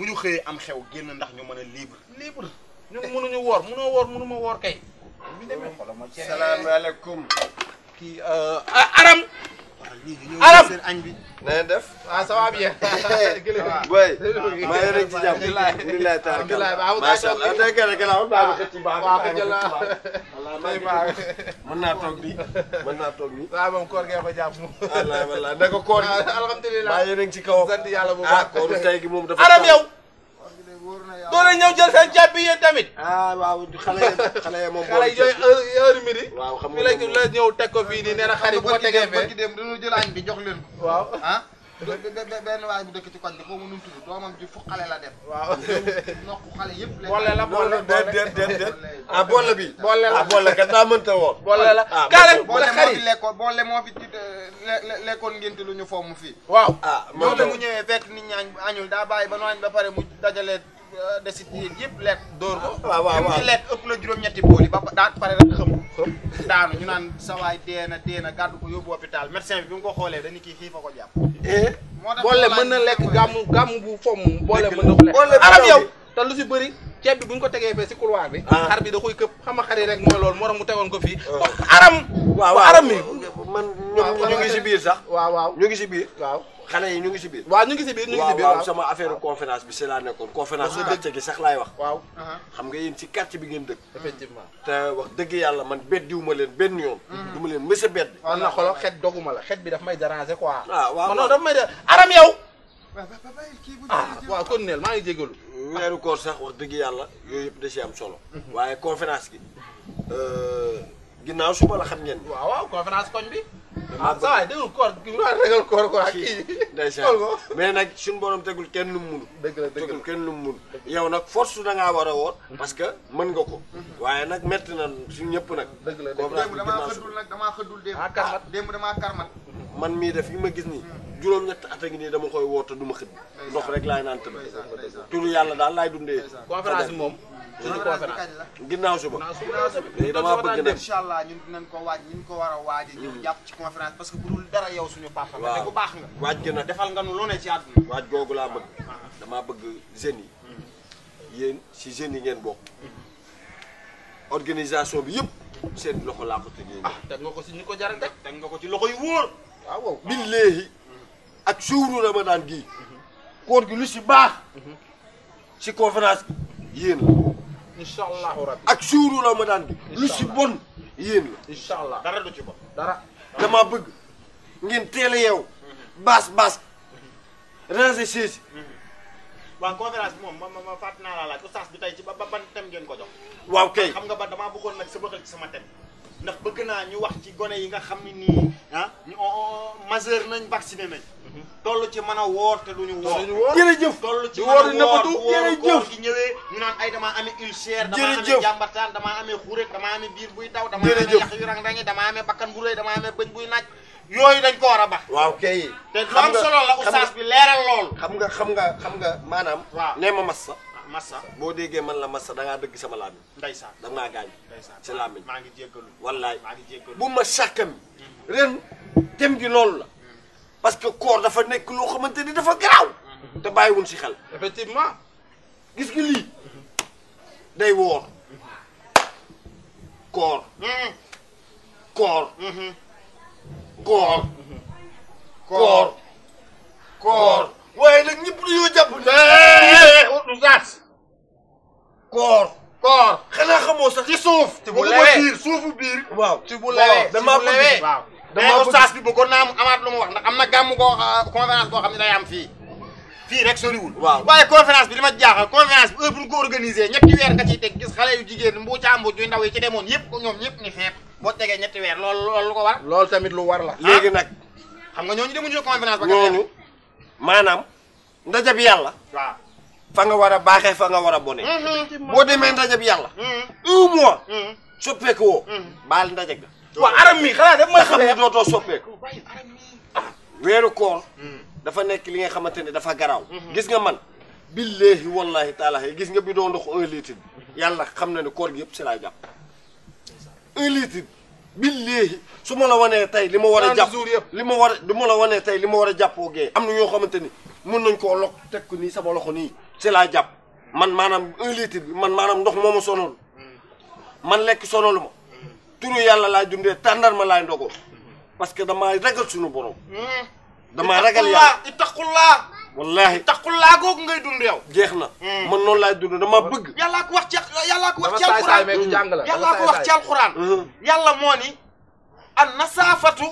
bu ñu xëyee am xew génn ndax ñu mën a libre libre ñun mënuñu woor mënoo woor mënuma woor kay. ñu demee salaamaaleykum. kii euh, Aram. Aram seen añ bi. na ngeen def. waaw ah, ça va bien. booy. maa ngi rek ci jàmm. alhamdulilah alhamdulilah. macha allah tey kenn kenn aw maa ngi xëcc baax. waaw xëcc la waaw mën naa toog bi mën naa toog bi. waaw moom koor gee ko jàpp. wallaahi wallaahi ne ko koor gi. alhamdulilah maa ngi rek ci kawam. sant yàlla bu baax ah kooru tey gi moom dafa. Aram yow. doole ñëw jël seen caabi yéen tamit. ah waaw xale yi xale yi moom. xale yi yooyu heure heure midi. waaw xam nga la ñëw teg ko fii nii nee na xarit bu ko tegee fee. dem dañoo jël añ bi jox le ko. waaw ah? benn waay bu dëkk ci koñ bi xaw ma nu mu doomam ji fu xale la def. waaw yëpp. boole la boole déet déet déet déet ah boole bi. boole la ah boole kat daa mënta woon. boole la ah, kaare boole moo fi lekkoon boole moo fi lekkoon ngénte lu ñu fomm fii. waaw ah moom mu ñëwee fekk nit ñaañ añul daa bàyyi ba nooñ ba pare mu dajalee euh, desit yëpp lekk. door ko ah, waaw waaw waaw mu lekk ëpp la juróom-ñetti bool yi ba pare rek xëm daanu ñu naan sa waay dee na dee na gàddu ko yóbbu hôpital médecin bi bi mu ko xoolee dañu kii xiifa ko jàpp. Eh? moo boole mën na lekk gàmmu gàmmu bu fomm. boole mën na ko lekk arab yow te lu si bëri. ceeb bi bu ñu ko tegee fee si couloir bi. Ah. xar bi da koy këpp xam nga xar yi rek mooy loolu morom mu tegoon ko fii. Ah. aram. waaw waaw aram mi man. ñu ngi si biir sax. waaw waaw ñu ngi si biir waaw. xale yi ñu ngi si biir waaw ñu ngi si biir ñu ngi si biir sama affaire conférence bi si laa nekkoon conférence su quartier gi sax laay wax waaw uh-huh. xam nga yéen si quartier bi ngeen dëkk effectivement te wax dëgg yàlla man beddiwu ma leen benn yoon uh-huh. du ma leen mës a bedd waaw na xolo xet doguma la xet bi daf may déranger quoi waaw ah, waaw non daf may aram yow waaw kon ah, neel maa ngi jégalu weeru koor sax wax dëgg yàlla yooyu yëpp da si am solo uh-huh. waaye conférence gi euh, ginnaaw suba la xam ngeen waaw waaw conférence ah saa waay déglu koor gi ma ragal koor quoi kii. ndeysaan mais nag suñu borom tegul kenn lu mu mun. dëgg tegul kenn lu mu yow nag force su da ngaa war a woor. parce que mën nga ko. waaye nag métti na suñ ñëpp nag. dëgg la dëgg la démb damaa xëddul nag damaa xëddul démb. ah, ah karmat man mii def yi ma gis nii. juróom-ñett at a ngi nii dama koy woote du ma xëdd. ndox rek laay naan tëdd. turu yàlla daal laay dundee. conférence moom tëj conférence ginnaaw suba léegi damaa bëgg nag incha allah ñun dinañ ko waaj ñu ko war a waaje ñëw jàpp ci conférence parce que bu dul dara yow suñu papa la te bu baax nga waaj gën a defal nga nu lu ne ci àdduna waaj googu laa bëgg ah. damaa bëgg jeunes yi hmm. yéen si jeunes yi ngeen bokk hmm. organisation bi yëpp seen loxo laa ko tëjee ah, teg ko si ñu ko jar a teg nga ko ci loxo yu wóor waaw billaahi hmm. ak suuru ramadan gii koor gi lu si baax si conférence bi yéen incha allahu rabbi ak suuru ramadan bi lu si bon yéen la incha allah dara du ci bon dama bëgg ngeen teel a yeew mhm. baas baas mhm. ranger chaise mhm. waaw conférence moom ma ma ma fàtt naa laa laaj oustaz bi tey ci ba ban tem geen ko jox waaw kay xam nga ba damaa bëggoon nag sa bëxal ci sama thème ndax bëgg naa ñu wax ci gone yi nga xam ne nii ah ñu majeur nañ vacciné nañ toll ci mën a woor te duñu woor jërëjëf toll ci mën a woor jërëjëf bëre ñu naan ay damaa amee ulcère damaa amee jàmbataan damaa amee xuréet damaa amee biir buy daw damaa amee yax yu rang rangi damaa amee bakkan bu rëy damaa amee buy naaj yooyu dañ ko war a bax waaw kay te am solo la oustaz bi leeral loolu xam nga xam nga xam nga maanaam waaw nee ma massa ah, massa boo déggee man la massa da ngaa dëgg sama laamiñ ndeysaan da ngaa gaañ ci laamiñ maa ngi jéggalu wallaay maa ngi jéggalu bu ma sàkkam ren dem gi loolu la hmm. parce que koor dafa nekk loo xamante ni dafa garaaw hmm. te bàyyiwul si xel gis nga lii day woor koor koor koor koor koor waaye nag ñëpp dañoo jàpp ne ustaas koor koor xanaa xamoo sax ci suuf ci bu lewee biir suufu biir waaw ci bu lewee dama bëgg waaw dama ustaas bi bëggoon naa am amaat lu mu wax ndax am na gàmm koo euh, conférence boo xam ne day am fii fii rek soriwul. waaw waaye conférence bi li ma jaaxal conférence bi heure bu ñu ko organisé ñetti weer nga ciy teg gis xale yu jigéen mbuucaa mbuuc yu ndaw yi ci demoon yëpp ñoom ñëpp ni feeb boo tegee ñetti weer loolu loolu lu ko war. loolu tamit lu war la. Ah. léegi nag xam nga ñooñu demuñu conférence ba. ñooñu maanaam ndaje bi yàlla. waaw fa nga war a baaxee fa nga war a bone. Mm-hmm. boo demee ndaje bi yàlla. Mm-hmm. un mois. Mm-hmm. soppeeku woo. baal ndaje ga. waaw aram mi xanaa daf may xam ne dootoo soppeeku. weeru koor. Mm. dafa nekk li nga xamante ne dafa garaaw. gis nga man billaahi wallaahi taalaa gis nga bi doon ndox un litre yàlla xam na ne koor gi yëpp si laa jàpp. un litre su ma la wanee tey li ma war a jàpp li ma war a du ma la wanee tey li ma war a jàppoo gee am na ñoo xamante ni mun nañ koo lok teg ko nii sama loxo nii si laa jàpp man maanaam un bi man maanam ndox moo ma sonal man lekk sonalu ma turu yàlla laa dundee tàndar ma laay ndogoo parce que damaa ragal suñu borom hmm. dama ragal yàlla ittaqullah wallahi ittaqullah googu ngay dund yow. jeex na. Hmm. man noonu laay dund dama bëgg. yàllaa ko wax ci yàllaa ko wax ci alquran yàllaa ko wax ci alquran. Hmm. yàlla moo ni. an nasaafatu.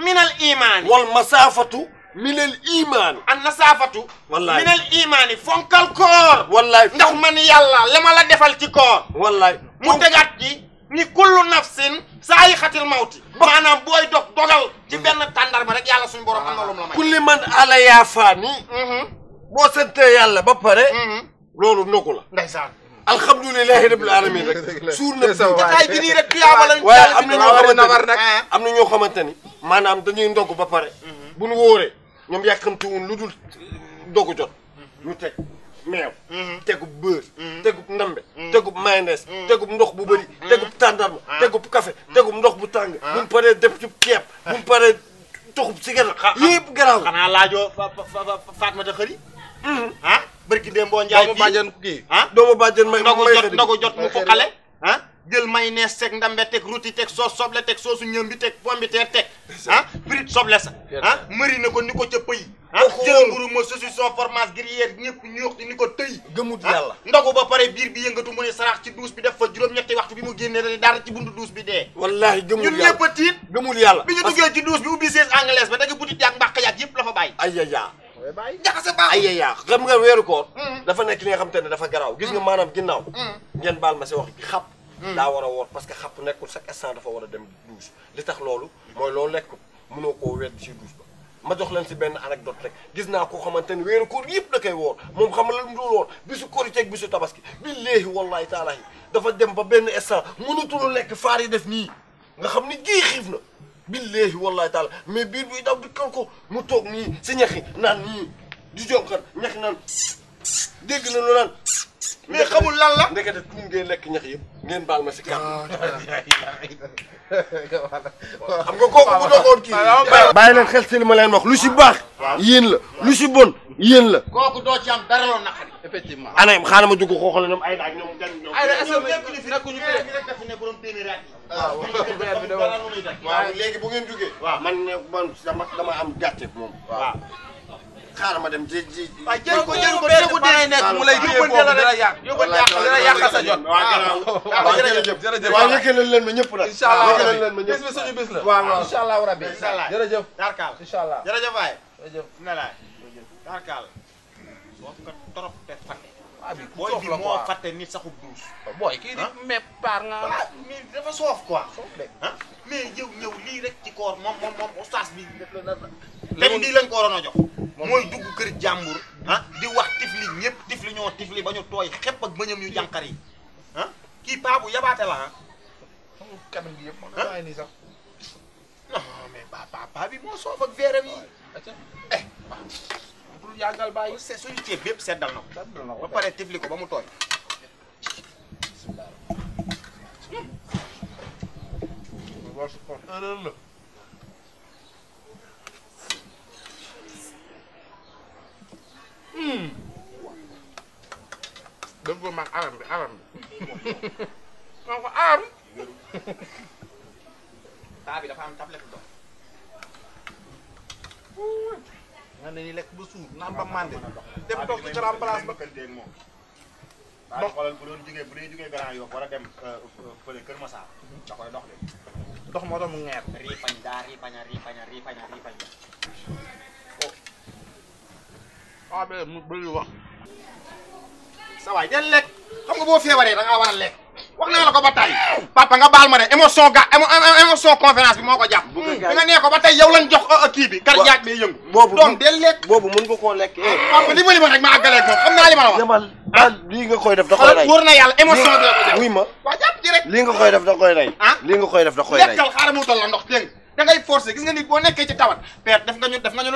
minal imaani. wal masaafatu. minal imaani. an nasaafatu. wallahi minal imaani fonkal koor. wallahi ndax man yàlla li ma la defal ci koor. wallahi mu tegaat ci. ni kullu nafsin saa yi xatil mawti maanaam booy dox dogal ci mm. benn tàndarma rek yàlla suñu borom am na ah. lu mu la may kulli man ala yaa faani mm-hmm. boo yàlla ba pare mm-hmm. loolu ndogu la ndeysaan alhamdulilahi rabbil alamin rek suur na jotaay bi nii rek tiyaaba la waaye am na ñoo xamante ni am na ñoo xamante ni maanaam dañuy ndog ba pare mm-hmm. bu ñu wóoree ñoom yàkkamtiwun lu dul ndogu jot ñu teg meew. Mm-hmm. tegub beurre. Mm-hmm. tegub ndambe. Mm-hmm. tegub mayonnaise. tegub ndox bu bëri. tegub tàndarma. Ah. tegub café tegub ndox bu tàng. Ah. bu mu paree def ci ceeb. Ah. bu mu paree tuxub cigarette. yëpp garaaw xanaa laajoo fa fa Fatmata xëri. ah barki Demba Ndiaye. doomu bàjjen kii doomu bàjjen jot ndogu jot mu foqale jël mayonnaise teg ndambe teg ruti teg soos soble teg soosu ñoom bi teg pombiteer teg ah soble sa ah ko ni ko ca pëy ah jël mburu ma saucisson fromage gruyère ñëpp ñuux ni ko tëy gëmut ah, yàlla ndogu ba pare biir bi yëngatu mu ne sarax ci duus bi def fa juróom-ñetti waxtu bi mu génne dane dara ci buntu duus bi dee wallaahi gëmul yàlla ñun ñëpp a tiit gëmul yàlla bi ñu duggee ci duus bi ubbi siège anglaise ba dagi butit yaag mbàq yaag yëpp la fa bàyyi ay baax ay yaa mm-hmm. ne dafa garaaw gis nga mm-hmm. maanaam ginnaaw mm-hmm. ngeen baal ma daa war a woor parce que xapp nekkul chaque instant dafa war a dem douche li tax loolu mooy loo lekkul mënoo koo wedd ci douche ba ma jox leen si benn anecdote rek gis naa koo xamante ni weeru koor yëpp da koy woor moom xam la lu dul woor bisu korite ak bisu tabaski billaahi wallaahi taalaahi dafa dem ba benn instant mënatul lekk faar yi def nii nga xam ni jii xiif na billaahi wallaahi taala mais biir buy daw bi kal ko mu toog nii si ñaxi naan nii di jonkar ñaxi naan dégg na lu naan mais xamul lan la. ndekete tuum ngeen lekk ñax yëpp ngeen baal ma si kàddu. Ah, xam nga kooku bu dogoon kii. bàyyi leen xel si li ma leen wax lu si baax. yéen la lu si bon yéen la. kooku doo ci am dara loo naqari. effectivement ana xaaral ma dugg xooxal ñoom Ayda ak ñoom gan ñoom. Ayda ak ñoom ñëpp ñu fi nekk ah, ñu fi nekk borom téeméeri at yi. waaw léegi bu ngeen jugee. waaw man man dama am gàcce moom waaw. xaaral ma dem jë jë. waaw jël ko jël ko jël ko dee nekk mu lay téye boobu dina yàq dina yàq sa jot. waaw jërëjëf jërëjëf waaw yëkkalal leen ma ñëpp nag. incha allah yëkkalal leen ma ñëpp bis bi suñu bis la. waaw incha allah rabi incha allah jërëjëf. darkaal incha allah jërëjëf waay. jërëjëf nelaay. darkaal. boo ko trop te fàtte. ah bi ku soof la quoi booy bi moo fàtte ni saxub douche. booy kii di ah? mais par nga. ah mais dafa soof quoi. soof de ah mais yow ñëw lii rek ci koor moom moom moom oustaz bi. dem lii lañ ko waroon a jox mooy dugg kër jàmbur ah di wax tifli ñëpp tifli ñoo tifli ba ñu tooy xepp ak bëñam yu jànqar yi ah, kii paa yabaate la ah. kanam gi ceeb bépp seddal na ko. seddal na ba pare tifli ko ba mu tooy. dama ko mag alam bi am tablet dox. nga lekk ba suur naan ba mànde dem toog ci grand place bu doon jugee bu euh, euh, dox de. dox moo tax mu ngeer. riipañ daa xaabee mu bëri wax. sa waay del lekk xam nga boo feebaree da ngaa war a lekk wax naa la ko ba tey papa nga baal ma de émotion ga émotion conférence bi moo ko jàpp. bi nga nee ko ba tey yow lañ jox euh, euh, kii bi. kar jaaj bi yëngu. boobu doom del boobu mën nga koo lekk. Eh. papa li ma li ma rek ma àggaleeg moom xam naa li ma la wax. demal ah lii nga koy def da koy rey wóor na yàlla émotion bi la ko jàpp. lii nga koy def da koy rey. ah lii nga koy def da koy rey. da ngay forcer gis nga nit ci tawat père def nga ñu def nga ñu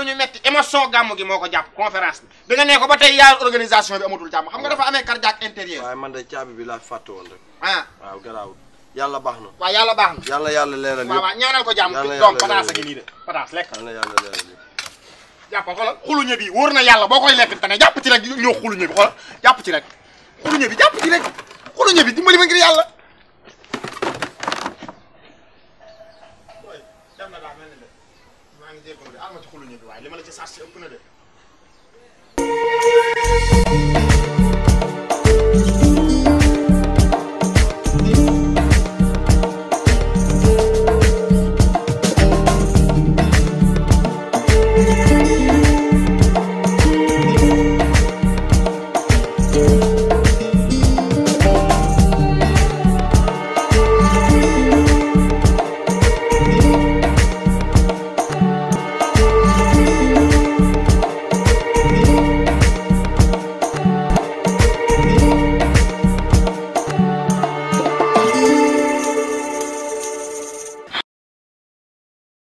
lu gi moo ko jàpp conférence bi nga nee ko ba tey yaar organisation bi amatul jàmm xam nga dafa amee ah. na waaw yàlla baax na yàlla yàlla leeral yëpp waaw ñaanal ko jàmm doom pataas a ngi nii lekk yàlla yàlla leeral yëpp lekk tane jàpp ci ci rek xuluñe bi jàpp ci rek xuluñe bi dimbali maa ngi jégalu de alma li ma la ci sas ci